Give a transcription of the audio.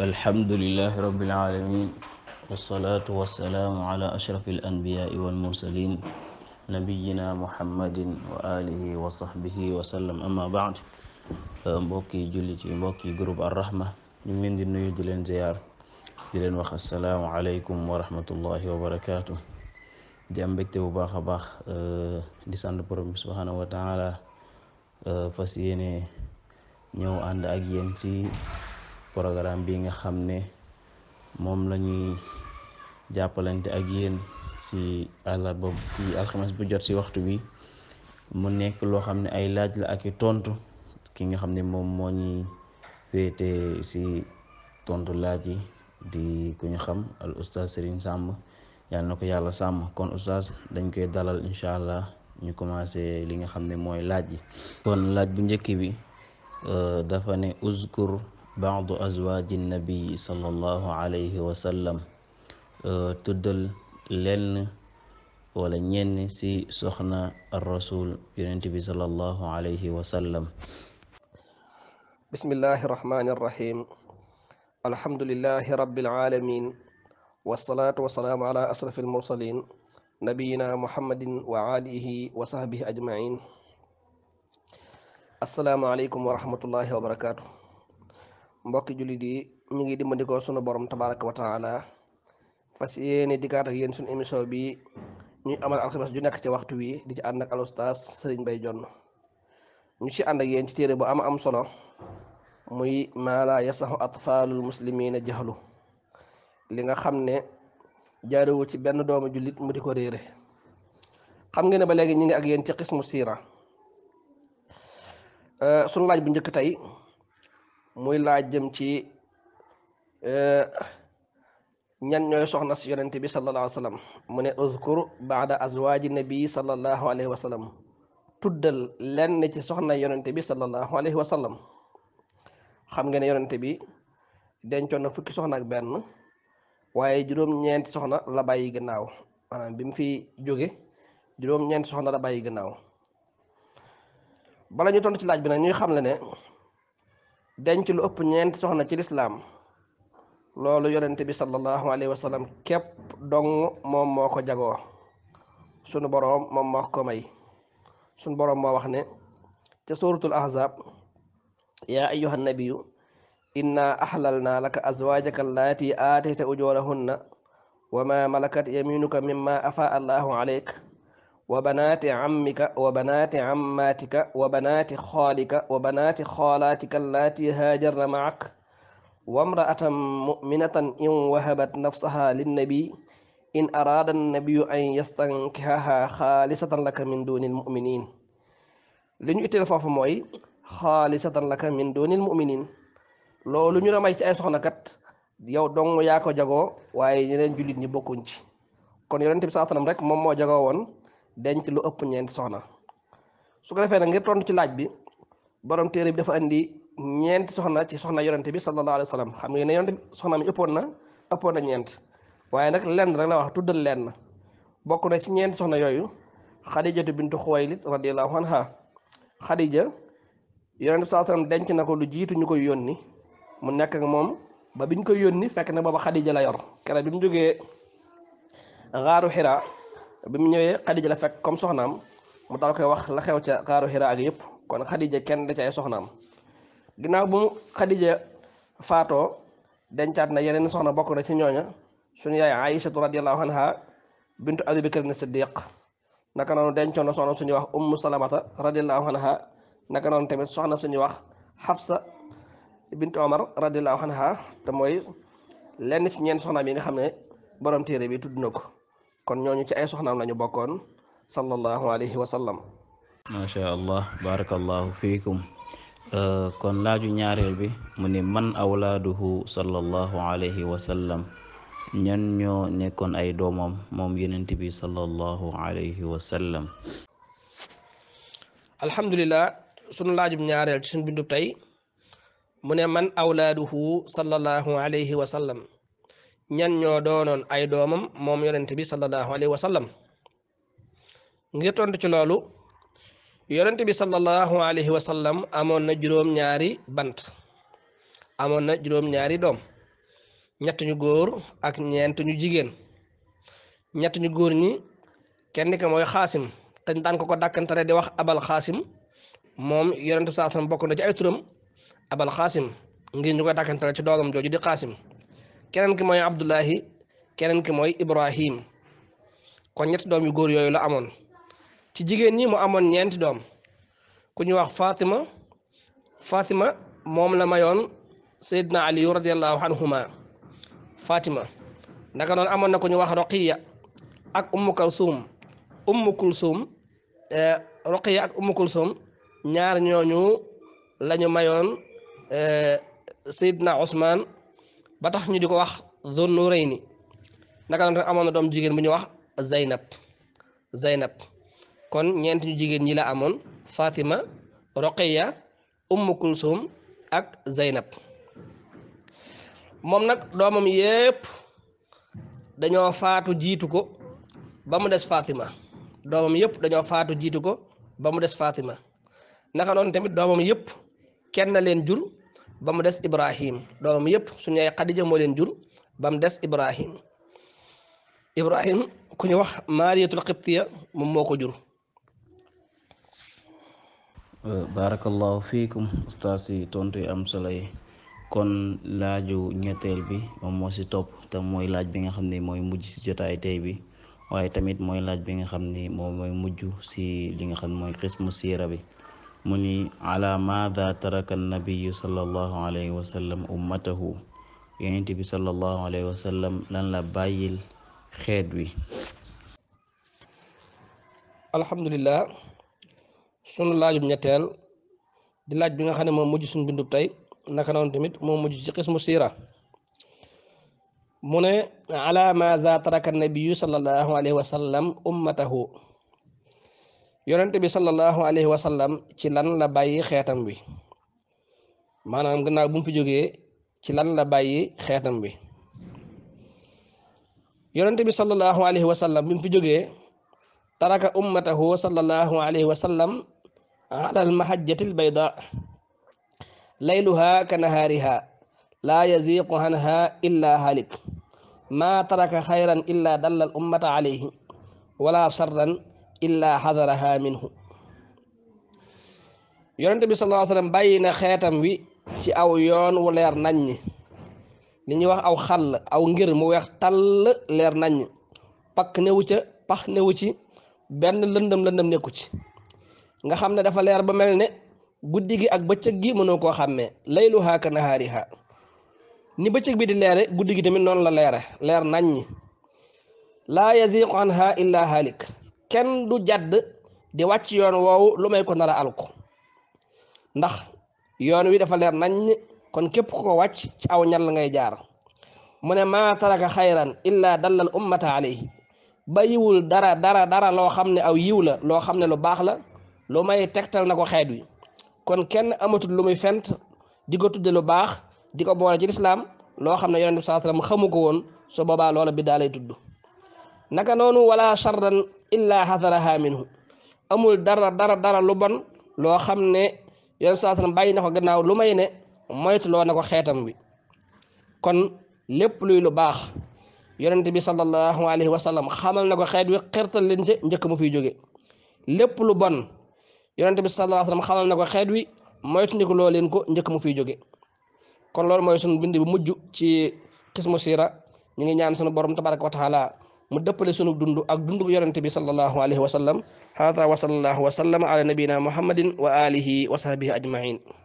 alhamdulilahi rabbil alamin wasalaatu wasalaamu ala ashrafi alanbiyaai walmursalin nabiyina muhammadin wa alihi wa sahbihi wa sallam amma baad euh, mbokki jullit yi mbokki groupe arrahma ñu ngi leen di nuyu di leen ziyaar di leen wax assalaamu aleykum wa rahmatullahi wa barakaatu di am mbégte bu baax a baax euh, di sant borom bi subhanahu wa taala euh, fas yéene ñëw ànd ak yéen ci programme bii nga xam ne moom la ñuy jàppalante ak yéen ci àllarba ci bu jot si waxtu bi mu nekk loo xam ne ay laaj la ak i tontu ki nga xam ne moom moo ñuy féete ci tontu laaj yi di ku ñu xam al oustaz Serigne Samb na ko yàlla sàmm kon dañ koy dalal incha allah ñu commencé li nga xam ne mooy laaj yi kon laaj bu njëkk bi euh, dafa ne uzkur baadu azwaaji nabi sallallahu alayhi wa sallam euh, tuddal lenn wala ñenn si soxna rasul yonent bi sallallahu alayhi wa sallam bismillahi rahmani rahim alhamdulillahi rabbil alamin wasalaatu wasalaamu ala asraf almursalin nabiyina muhammadin wa alihi wa sahbihi ajmain assalaamu aleykum wa rahmatullahi wa barakatuh mbokki jullit yi ñu ngi dimbandikoo sunu borom tabaraka wa taala fas yéene dikkaat ak yéen sunu émission bi ñuy amal alxames ju nekk ci waxtu wi di ci ànd ak alostas Serigne Mbaye ñu ci ànd ak yéen ci téere bu am am solo muy maa laa yasaxu atfaalul muslimina jaxlu li nga xam ne jaarewul ci benn doomu jullit mu di ko réere xam ngeen ne ba léegi ñu ngi ak yéen ci xismu siira euh, sunu laaj bu njëkk tey muy laaj jëm ci eh, ñan ñooy soxna si yonente bi sallallahu alayhi wa sallam mu ne uzkur baada azwaaji nabi sallallahu alayhi wa sallam tuddal lenn ci soxna yonente bi sallallahu alayhi wa sallam xam nga ne yonente bi dencoon na fukki soxna ak benn waaye juróom-ñeenti soxna la bàyyi gannaaw maanaam fi jóge juróom soxna la bàyyi gannaaw bala ñu tontu ci laaj bi nag ñuy xam le denc lu ëpp ñeenti soxna ci lislaam loolu yonente bi sallallahu alayhi wa sallam képp dong moom moo ko jagoo sunu boroom moom may sunu boroom moo wax ne ca suuratul ahzab yaa ayyuha nabiyu inna ahlalna laka azwaajaka allati aatayta ujoorahunna wa ma malakat yaminuka mimma afa allahu aleyk wa banaati ammika wa banaati ammaatika wa banaati xaalika wa banaati xaalaatika allaati haajarna muminatan in wahabat nafsaha linnabi in araada annabiyu an yastankihaha xaalisatan laka min duni almuminin li ñu itteel foofu mooy xaalisatan laka min duni almuminin loolu ñu la may ci kat yow dong yaa ko jagoo waaye ñeneen jullit ñi bokkuñ ci kon yonent bi saa sallam rek moom moo jagoo woon denc lu ëpp ñeenti soxna su ko defee nag ngir tontu ci laaj bi borom téere bi dafa indi ñeenti soxna ci soxna yonente bi sallallahu alayhi wa xam nga ne yonente bi soxna ëppoon na ëppoon na ñeent waaye nag lenn rek la wax tuddal lenn bokk na ci ñeenti soxna yooyu xadijatu bintu xuwaylid radiallahu anha xadija yonente bi sallallahu alayhi wa denc na ko lu jiitu ñu koy yónni mu nekk ak moom ba biñ koy yónni fekk na booba xadija la yor kere bi mu jógee xaaru xiraa bi mu ñëwee Xadija la fekk comme soxnaam mu daal koy wax la xew ca xaaru Hira ak yëpp kon Xadija kenn da ci ay soxnaam ginnaaw bu mu Xadija faatoo dencaat na yeneen soxna bokk na ci ñooña suñu yaay Aïchatu radiyallahu anha bintu Abi Bakr ne Siddiq naka noonu dencoon na soxna suñuy wax ummu salamata radiyallahu anha naka noonu tamit soxna suñuy wax Xafsa bintu Omar radiyallahu anha te mooy lenn ci ñeent soxnaam yi nga xam ne borom téere bi tudd na ko. kon ñooñu ci ay soxnaam lañu bokkoon sallallahu alayhi wa sallam macha allah barakallahu fiikum euh, kon laaju ñaareel bi mu ne man awlaaduhu sallallahu alayhi wa sallam ñan ñoo nekkoon ay doomam moom yonent bi sallallahu alayhi wa sallam alhamdulilah sunu laajum ñaareel ci sunu bindub tey mu ne man awlaaduhu sallallahu alayhi wa sallam ñan ñoo doonoon ay doomam moom yonent bi sallallahu alayhi wa sallam ngir tontu ci loolu yonent bi sallallahu alayhi wa sallam amoon na juróom-ñaari bant amoon na juróom-ñaari doom ñett góor ak ñeent jigéen ñett góor ñi kenn ki mooy xaasim te daan ko ko dàkkantare di wax abal xaasim moom yonent bi sallallahu alayhi wa sallam bokk na ci ay turam abal xaasim ngir ñu ko dàkkantare ci doomam jooju di xaasim keneen ki mooy Abdullahi keneen ki mooy Ibrahim kon ñetti doom yu góor yooyu la amoon ci jigéen ñi mu amoon ñeenti doom ku ñu wax Fatima Fatima moom la mayoon Seydina Aliyu radiallahu anhuma Fatima naka noonu amoon na ku ñu wax Roqiya ak Ummu Kalsum Ummu Kulsum eh, Roqiya ak Ummu Kulsum ñaar ñooñu la ñu mayoon eh, Seydina Ousmane ba tax ñu di ko wax zone nurayni naka amoon na doom jigéen bu ñu wax zaynab zaynab kon ñeent ñu jigéen ñi la amoon fatima roqiya ummu kulsum ak zaynab moom nag doomam yépp dañoo faatu jiitu ko ba mu des fatima doomam yépp dañoo faatu jiitu ko ba mu des fatima naka noonu tamit doomam yépp kenn leen jur ba mu des Ibrahim doomam yëpp suñu yaay Xadija leen jur ba mu des Ibrahim Ibrahim ku ñu wax Maariyatul Qibtiya moom moo ko jur. Euh, barakallahu fiikum ustaas yi tontu yi am solo yi kon laaju ñetteel bi moom moo ci topp te mooy laaj bi nga xam ne mooy mujj si jotaay tey bi waaye tamit mooy laaj bi nga xam ni moom mooy mujj si li nga xam ne mooy xismu siira bi. mu ni ala maada taraka annabiyu sallallahu alayhi wa sallam ummatahu yonent bi sallallahu alayhi wa sallam lan la bàyyil xeet wi sunu laajub ñetteel di laaj bi nga xam ne moom mujj suñu bindub tey naka noonu tamit moom mujj ci xismu siira mu ne ala maada taraka annabiyu sallallahu alayhi wa sallam ummatahu yonent bi sallallahu alayhi wa sallam ci lan la bàyyi xeetam bi maanaam gannaaw bu mu fi jógee ci lan la bàyyi xeetam bi yonent bi sallallahu alayhi wa sallam bi mu fi jógee taraka sallallahu alayhi wa sallam ala almahajjati albayda layluha ka nahaariha laa yaziqu anha illa halik maa taraka xayran illa dalla ummata alayhi wala sarran illaa xadaraha minhu yonente bi bàyyi na xeetam wi ci aw yoon wu leer naññ li ñuy wax aw xal aw ngir mu weex tàll leer naññ pakk newu ca pax newu ci benn lëndëm lëndëm nekku ci nga xam ne dafa leer ba mel ne guddi gi ak bëccëg gi mënoo koo xàmmee layluha ka nahaariha ni bëccëg bi di leere guddi gi tamit noonu la leere leer naññ laa yaziqu anha illa halik kenn du jàdd di wàcc yoon woowu lu may ko nar a ndax yoon wi dafa leer nañ kon képp ku ko wàcc ci aw ñal ngay jaar mu ne maa ka xayran illaa dallal ummata alayhi bàyyiwul dara dara dara loo xam ne aw yiw la loo xam ne lu baax la lu may tegtal na ko xeet wi kon kenn amatul lu muy fent di ko tudde lu baax di ko boole ci lislaam loo xam ne yonent bi sallallahu alayhi xamu ko woon su boobaa loola bi daa lay tudd naka noonu wala charran illa hadaraha minhu amul dara dara dara lu bon loo xam ne yoon sa sallam bàyyi na ko gannaaw lu may ne loo na ko xeetam bi kon lépp luy lu baax yonent bi sallallahu alayhi wa sallam xamal na ko xeet wi xertal leen njëkk mu fiy jóge lépp lu bon yonent bi sallallahu alayhi xamal na ko xeet wi moytundiku loo leen ko njëkk mu fiy jóge kon loolu mooy sunu bind bu mujj ci xismu siira ñu ngi ñaan sunu borom tabaraka wa taala mu dëppale sunu dund ak dundu yonente bi sallallahu alayhi wa sallam haada wa sallallahu wa sallama ala nabiyina muhammadin wa alihi wa sahbihi ajmain